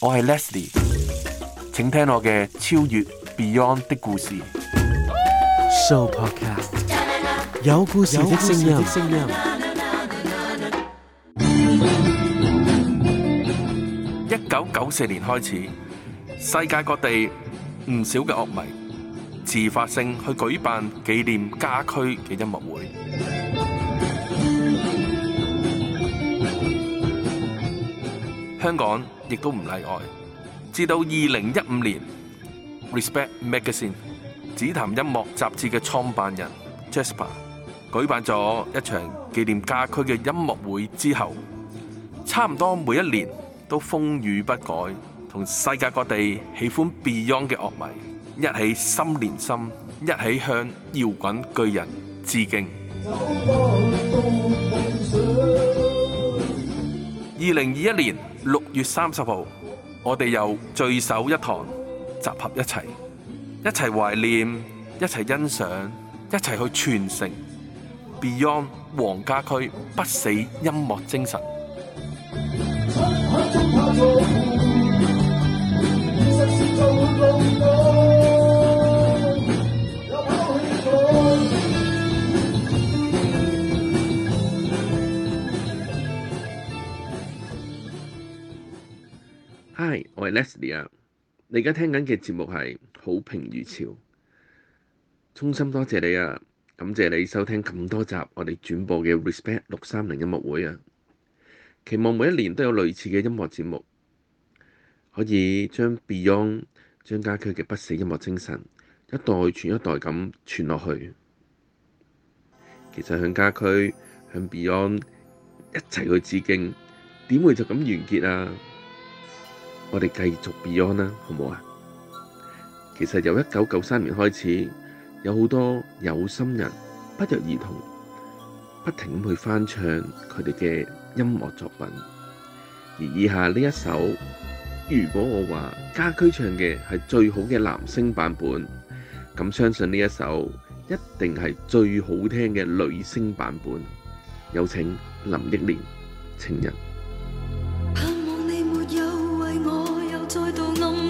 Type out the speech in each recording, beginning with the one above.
我係 Leslie，請聽我嘅超越 Beyond 的故事。Show Podcast 有故事的聲音。一九九四年開始，世界各地唔少嘅樂迷自發性去舉辦紀念家駒嘅音樂會。香港亦都唔例外。至到2015年，Respect Magazine《紫檀音樂雜誌》嘅創辦人 Jasper 舉辦咗一場紀念家駒嘅音樂會之後，差唔多每一年都風雨不改，同世界各地喜歡 Beyond 嘅樂迷一起心連心，一起向搖滾巨人致敬。二零二一年六月三十號，我哋又聚首一堂，集合一齊，一齊懷念，一齊欣賞，一齊去傳承 Beyond 黃家駒不死音樂精神。Hi, 我係 Leslie 啊，你而家聽緊嘅節目係好評如潮，衷心多謝你啊，感謝你收聽咁多集我哋轉播嘅 Respect 六三零音樂會啊，期望每一年都有類似嘅音樂節目，可以將 Beyond 將家駒嘅不死音樂精神一代傳一代咁傳落去。其實向家駒向 Beyond 一齊去致敬，點會就咁完結啊？我哋繼續 Beyond 啦，好唔好啊？其實由一九九三年開始，有好多有心人不約而同，不停咁去翻唱佢哋嘅音樂作品。而以下呢一首，如果我話家駒唱嘅係最好嘅男聲版本，咁相信呢一首一定係最好聽嘅女聲版本。有請林憶蓮《情人》。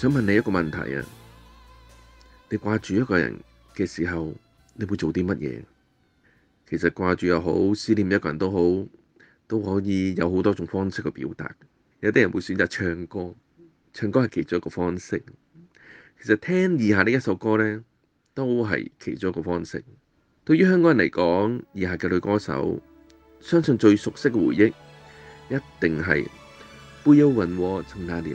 想問你一個問題啊，你掛住一個人嘅時候，你會做啲乜嘢？其實掛住又好，思念一個人都好，都可以有好多種方式去表達。有啲人會選擇唱歌，唱歌係其中一個方式。其實聽以下呢一首歌咧，都係其中一個方式。對於香港人嚟講，以下嘅女歌手，相信最熟悉嘅回憶一定係《悲憂雲和陳亞年》。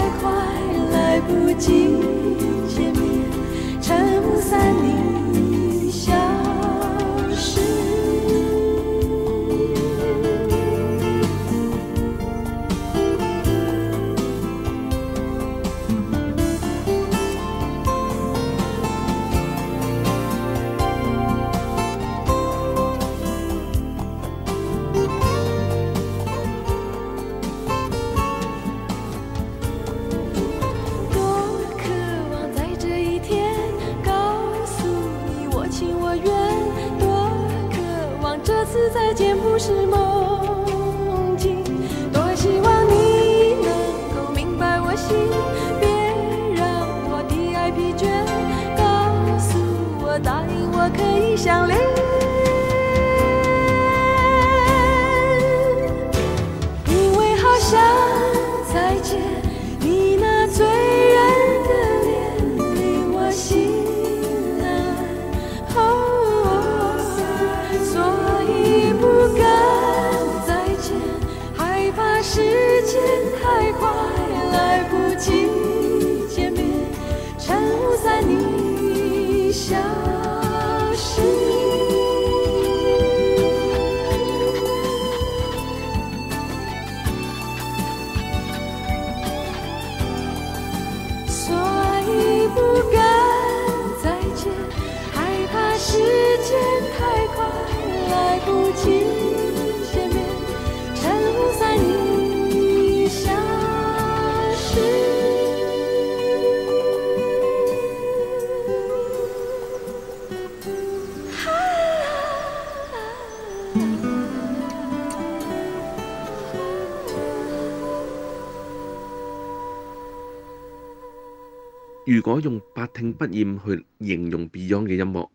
如果用百聽不厭去形容 Beyond 嘅音樂，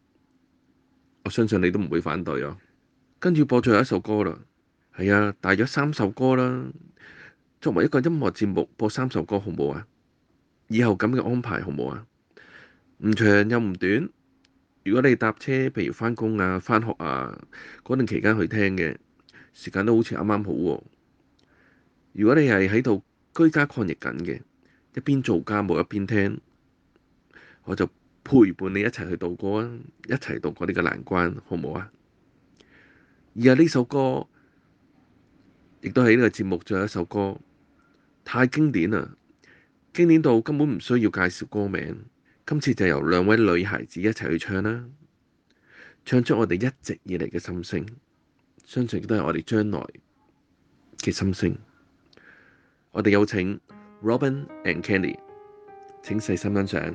我相信你都唔會反對哦、啊。跟住播最後一首歌啦，係啊，大約三首歌啦。作為一個音樂節目播三首歌好唔好啊？以後咁嘅安排好唔好啊？唔長又唔短。如果你搭車，譬如返工啊、返學啊嗰段期間去聽嘅時間都好似啱啱好、啊。如果你係喺度居家抗疫緊嘅，一邊做家務一邊聽。我就陪伴你一齊去度過啊，一齊度過呢個難關，好唔好啊？而家，呢首歌亦都喺呢個節目，最後一首歌太經典啦，經典到根本唔需要介紹歌名。今次就由兩位女孩子一齊去唱啦，唱出我哋一直以嚟嘅心聲，相信都係我哋將來嘅心聲。我哋有請 Robin and Kelly，請細心欣賞。